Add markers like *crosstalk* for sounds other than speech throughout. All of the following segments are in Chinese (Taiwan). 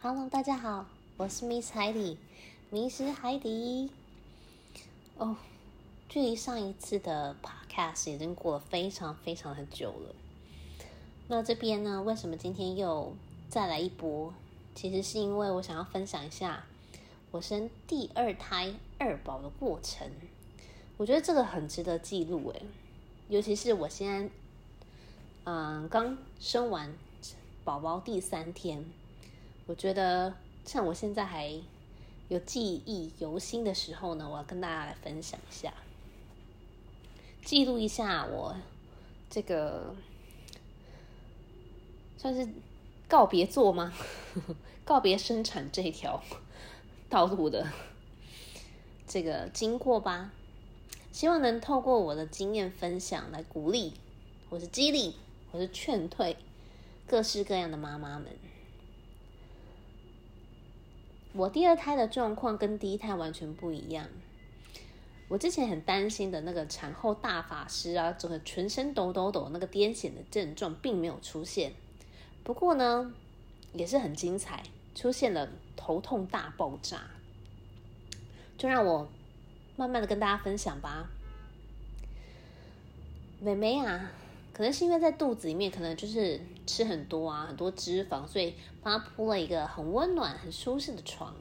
Hello，大家好，我是 Miss 海底迷失海底哦。Oh, 距離上一次的 Podcast 已經過了非常非常的久了。那這邊呢？為什麼今天又再來一波？其實是因為我想要分享一下我生第二胎二寶的過程。我覺得這個很值得記錄誒、欸，尤其是我現在，嗯、呃，剛生完寶寶第三天。我覺得，趁我現在還有記憶猶新的時候呢，我要跟大家來分享一下，記錄一下我這個算是告別作嗎？告別生產這條道路的這個經過吧。希望能透過我的經驗分享來鼓勵，或是激勵，或是勸退各式各樣的媽媽們。我第二胎的狀況跟第一胎完全不一樣。我之前很擔心的那個產後大法師啊，整個全身抖抖抖，那個癲癇的症狀並沒有出現。不過呢，也是很精彩，出現了頭痛大爆炸。就讓我慢慢的跟大家分享吧。妹妹啊。可能是因為在肚子裡面，可能就是吃很多啊，很多脂肪，所以幫他鋪了一個很溫暖、很舒適的床。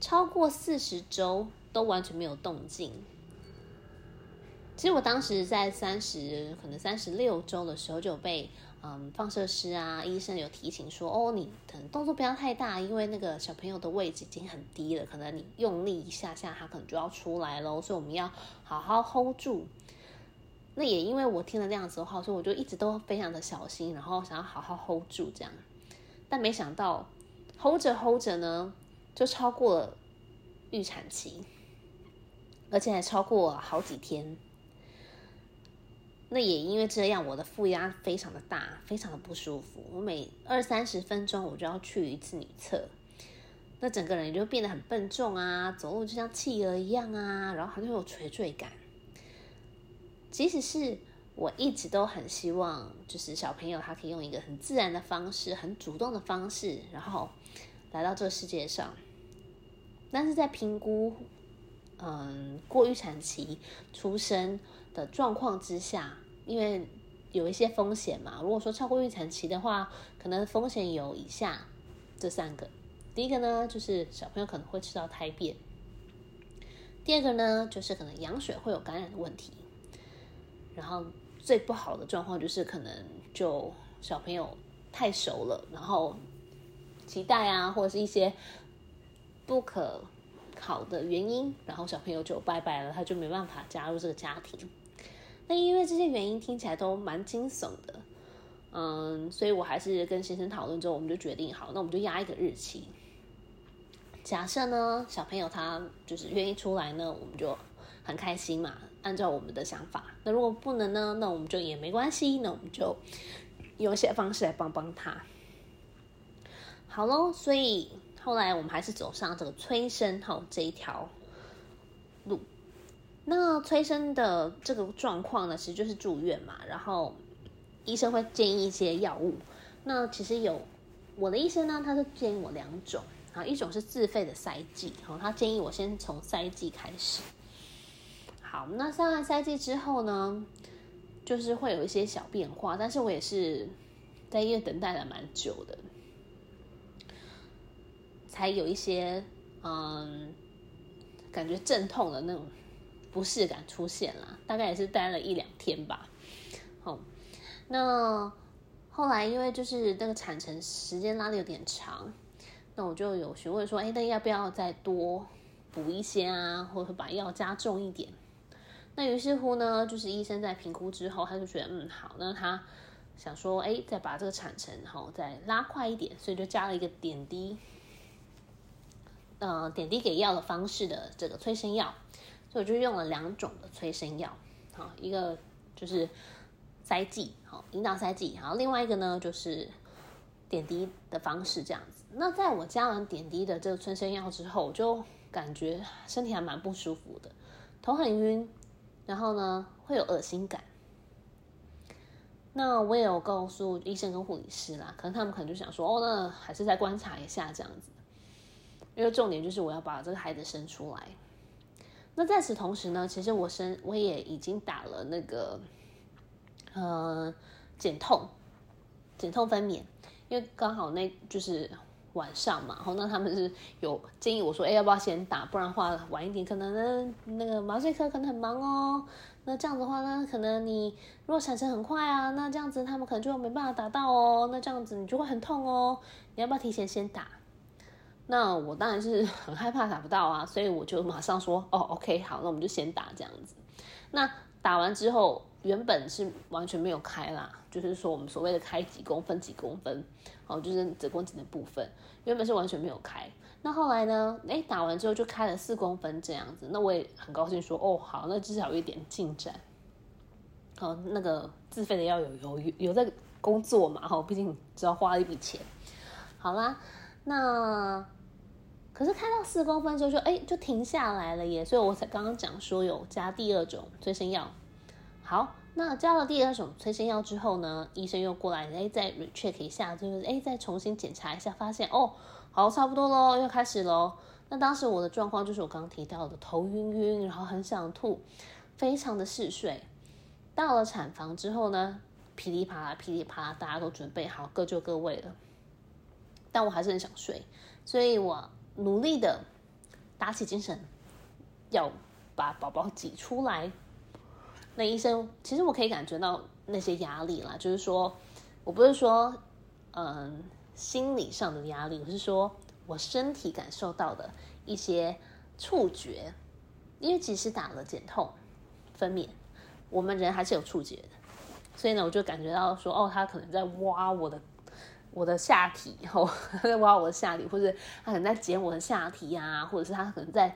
超過四十周都完全沒有動靜。其實我當時在三十，可能三十六周的時候就有被嗯、放射師啊、醫生有提醒說，哦，你可能動作不要太大，因為那個小朋友的位置已經很低了，可能你用力一下下，他可能就要出來了，所以我們要好好 hold 住。那也因為我聽了那樣子的話，所以我就一直都非常的小心，然後想要好好 hold 住這樣。但沒想到 hold 着 hold 着呢，就超過了預產期，而且還超過了好幾天。那也因為這樣，我的腹壓非常的大，非常的不舒服。我每二三十分鐘我就要去一次女廁，那整個人也就變得很笨重啊，走路就像企鵝一樣啊，然後好像有垂墜感。即使是我一直都很希望，就是小朋友他可以用一個很自然的方式，很主動的方式，然後來到這個世界上。但是在評估，嗯，過預產期出生的狀況之下，因為有一些風險嘛。如果說超過預產期的話，可能風險有以下這三個：第一個呢，就是小朋友可能會吃到胎便；第二個呢，就是可能羊水會有感染的問題。然後最不好的狀況就是可能就小朋友太熟了，然後臍帶啊，或者是一些不可考的原因，然後小朋友就拜拜了，他就沒辦法加入這個家庭。那因為這些原因聽起來都蠻驚悚的，嗯，所以我還是跟先生討論之後，我們就決定好，那我們就壓一個日期。假設呢，小朋友他就是願意出來呢，我們就很開心嘛。按照我們的想法，那如果不能呢？那我們就也沒關係，那我們就用一些方式來幫幫他。好嘍，所以後來我們還是走上這個催生吼這一條路。那催生的這個狀況呢，其實就是住院嘛，然後醫生會建議一些藥物。那其實有我的醫生呢，他是建議我兩種，啊，一種是自費的塞劑，哈，他建議我先從塞劑開始。好，那上完塞劑之後呢，就是會有一些小變化，但是我也是在醫院等待了蠻久的，才有一些嗯，感覺陣痛的那種不適感出現了，大概也是待了一兩天吧。好、哦，那後來因為就是那個產程時間拉得有點長，那我就有詢問說，哎、欸，那要不要再多補一些啊，或者把藥加重一點？那於是乎呢，就是醫生在評估之後，他就覺得嗯好，那他想說哎，再把這個產程然後、哦、再拉快一點，所以就加了一個點滴，呃、點滴給藥的方式的這個催生藥，所以我就用了兩種的催生藥，好、哦、一個就是塞劑好、哦、陰道塞劑，然後另外一個呢就是點滴的方式這樣子。那在我加完點滴的這個催生藥之後，我就感覺身體還蠻不舒服的，頭很暈。然後呢，會有噁心感。那我也有告訴醫生跟護理師啦，可能他們可能就想說，哦，那還是再觀察一下這樣子。因為重點就是我要把這個孩子生出來。那在此同時呢，其實我生我也已經打了那個，呃，減痛、減痛分娩，因為剛好那就是。晚上嘛，然、哦、後，那他們是有建議我說，欸，要不要先打？不然的話晚一點，可能呢那個麻醉科可能很忙哦。那這樣子的話呢，可能你如果產程很快啊，那這樣子他們可能就沒辦法打到哦。那這樣子你就會很痛哦。你要不要提前先打？那我當然是很害怕打不到啊，所以我就馬上說，哦，OK，好，那我們就先打這樣子。那。打完之後，原本是完全沒有開啦，就是說我們所謂的開幾公分幾公分，哦，就是子宮頸的部分，原本是完全沒有開。那後來呢，誒，打完之後就開了四公分這樣子。那我也很高興說，哦，好，那至少有一點進展。哦，那個自費的要有有有在工作嘛，哈、哦，畢竟只要花了一筆錢。好啦，那。可是開到四公分之後就說、欸、就停下來了耶，所以我才剛剛講說有加第二種催生藥。好，那加了第二種催生藥之後呢，醫生又過來哎、欸、再 recheck 一下，就是哎、欸、再重新檢查一下，發現哦，好，差不多咯，又開始咯。那當時我的狀況就是我剛剛提到的頭暈暈，然後很想吐，非常的嗜睡。到了產房之後呢，噼里啪啦噼里啪啦,啦，大家都準備好各就各位了。但我還是很想睡，所以我努力的打起精神，要把寶寶擠出來。那醫生，其實我可以感覺到那些壓力啦，就是說我不是說嗯心理上的壓力，我是說我身體感受到的一些觸覺，因為即使打了減痛分娩，我們人還是有觸覺的，所以呢，我就感覺到說哦，他可能在挖我的。我的下體，吼，他在挖我的下體，或者他可能在剪我的下體啊，或者是他可能在，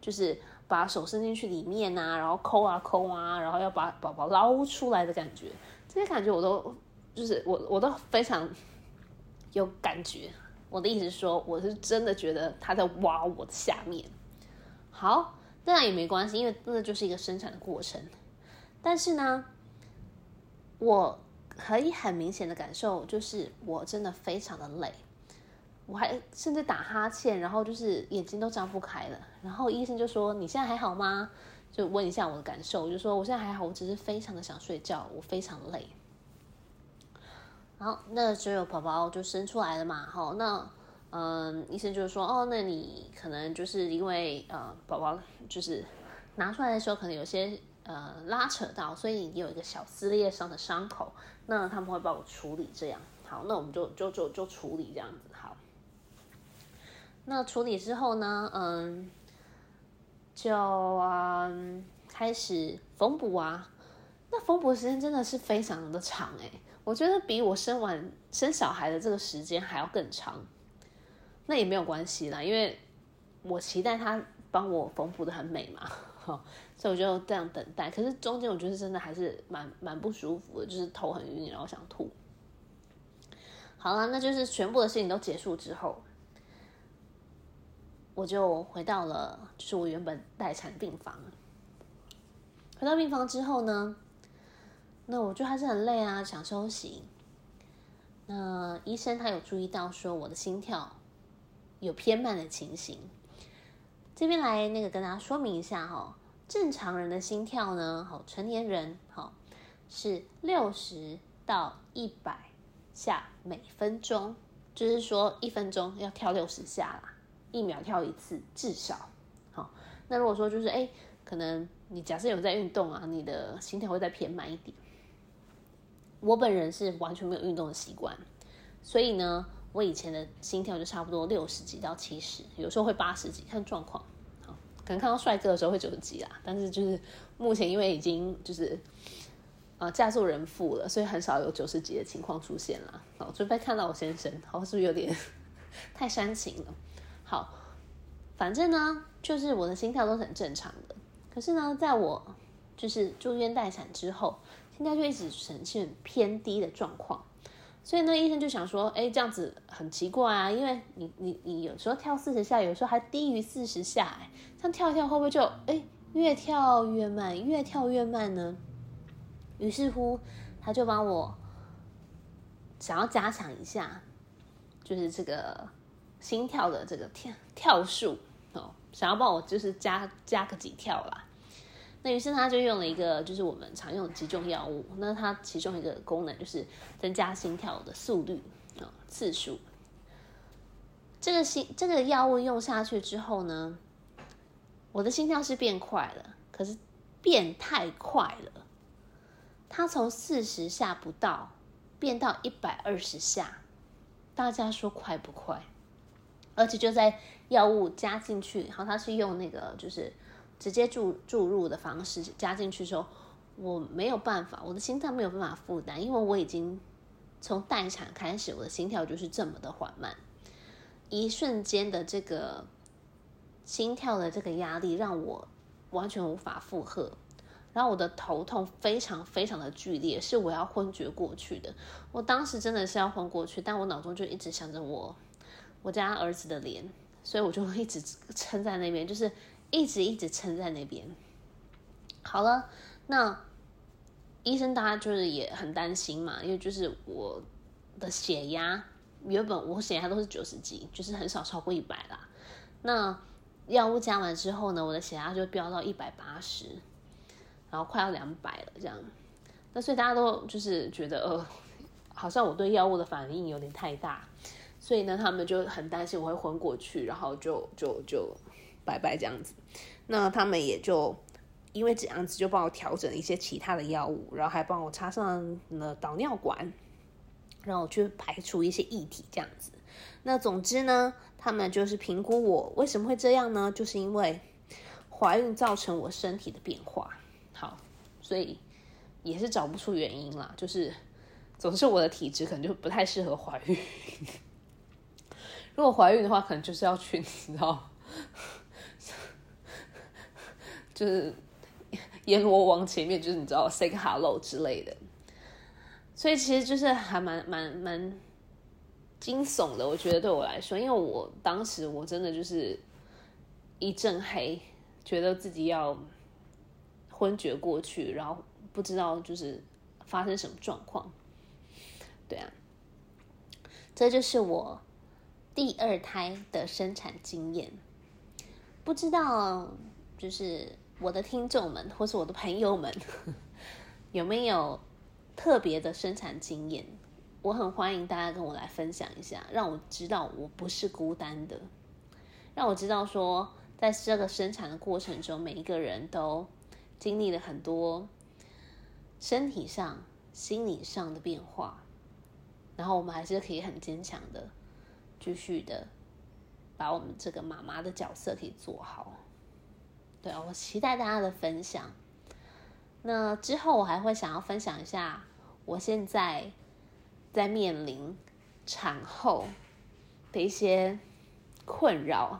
就是把手伸進去裡面啊，然後摳啊摳啊，然後要把寶寶撈出來的感覺，這些感覺我都就是我我都非常有感覺。我的意思是說，我是真的覺得他在挖我的下面。好，那也沒關係，因為那就是一個生產的過程。但是呢，我。可以很明顯的感受，就是我真的非常的累，我還甚至打哈欠，然後就是眼睛都張不開了。然後醫生就說：“你現在還好嗎？”就問一下我的感受，我就說：“我現在還好，我只是非常的想睡覺，我非常累。”然後那就有寶寶就生出來了嘛，好，那嗯，醫生就說：“哦，那你可能就是因為呃，寶寶就是拿出來的時候可能有些。”呃，拉扯到，所以你有一個小撕裂傷的傷口，那他們會幫我處理這樣。好，那我們就就就就處理這樣子。好，那處理之後呢，嗯，就啊、嗯、開始縫補啊。那縫補時間真的是非常的長誒、欸，我覺得比我生完生小孩的這個時間還要更長。那也沒有關係啦，因為我期待他幫我縫補得很美嘛。哦、所以我就這樣等待，可是中間我覺得真的還是蠻蠻不舒服的，就是頭很暈，然後想吐。好了，那就是全部的事情都結束之後，我就回到了就是我原本待產病房。回到病房之後呢，那我覺得還是很累啊，想休息。那醫生他有注意到說我的心跳有偏慢的情形，這邊來那個跟大家說明一下哈、哦。正常人的心跳呢？好，成年人，好，是六十到一百下每分鐘，就是說一分鐘要跳六十下啦，一秒跳一次至少。好，那如果說就是，哎，可能你假設有在運動啊，你的心跳會再偏慢一點。我本人是完全沒有運動的習慣，所以呢，我以前的心跳就差不多六十幾到七十，有時候會八十幾，看狀況。可能看到帥哥的時候會九十幾啦，但是就是目前因為已經就是啊嫁作人婦了，所以很少有九十幾的情況出現了。好，除非看到我先生，好，是不是有點太煽情了？好，反正呢，就是我的心跳都是很正常的。可是呢，在我就是住院待產之後，現在就一直呈現偏低的狀況。所以呢，醫生就想說，哎、欸，這樣子很奇怪啊，因為你，你，你有時候跳四十下，有時候還低於四十下、欸，哎，這樣跳一跳會不會就，哎、欸，越跳越慢，越跳越慢呢？於是乎，他就幫我想要加強一下，就是這個心跳的這個跳跳數哦，想要幫我就是加加個幾跳啦。那於是他就用了一個，就是我們常用的幾種藥物。那它其中一個功能就是增加心跳的速率啊、呃、次數。這個心這個藥物用下去之後呢，我的心跳是變快了，可是變太快了。它從四十下不到變到一百二十下，大家說快不快？而且就在藥物加進去，然後他是用那個就是。直接注注入的方式加進去的時候，我沒有辦法，我的心臟沒有辦法負擔，因為我已經從待產開始，我的心跳就是這麼的緩慢，一瞬間的這個心跳的這個壓力讓我完全無法負荷，然後我的頭痛非常非常的劇烈，是我要昏厥過去的，我當時真的是要昏過去，但我腦中就一直想着我我家兒子的臉，所以我就一直撐在那邊，就是。一直一直撐在那邊。好了，那醫生大家就是也很擔心嘛，因為就是我的血壓原本我血壓都是九十幾，就是很少超過一百啦。那藥物加完之後呢，我的血壓就飆到一百八十，然後快要兩百了這樣。那所以大家都就是覺得，呃，好像我對藥物的反應有點太大，所以呢，他們就很擔心我會昏過去，然後就就就。就拜拜，這樣子。那他們也就因為這樣子，就幫我調整一些其他的藥物，然後還幫我插上了導尿管，讓我去排除一些液體這樣子。那總之呢，他們就是評估我為什麼會這樣呢？就是因為懷孕造成我身體的變化，好，所以也是找不出原因啦。就是總之，我的體質可能就不太適合懷孕。 *laughs* 如果懷孕的話，可能就是要去，你知道就是閻羅王前面就是你知道 say hello 之類的，所以其實就是還蠻蠻蠻驚悚的。我覺得對我來說，因為我當時我真的就是一陣黑，覺得自己要昏厥過去，然後不知道就是發生什麼狀況。對啊，這就是我第二胎的生產經驗。不知道就是。我的聽眾們，或是我的朋友們，有沒有特別的生產經驗？我很歡迎大家跟我來分享一下，讓我知道我不是孤單的，讓我知道說，在這個生產的過程中，每一個人都經歷了很多身體上、心理上的變化，然後我們還是可以很堅強的，繼續的把我們這個媽媽的角色可以做好。對啊，我期待大家的分享。那之後我還會想要分享一下我現在在面臨產後的一些困擾。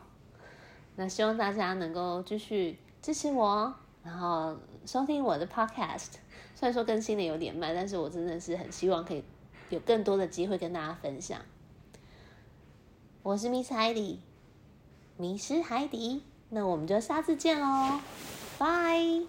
那希望大家能夠繼續支持我，然後收聽我的 podcast。雖然說更新的有點慢，但是我真的是很希望可以有更多的機會跟大家分享。我是 Miss Heidi，Miss Heidi 迷失海底。那我們就下次見嘍，拜。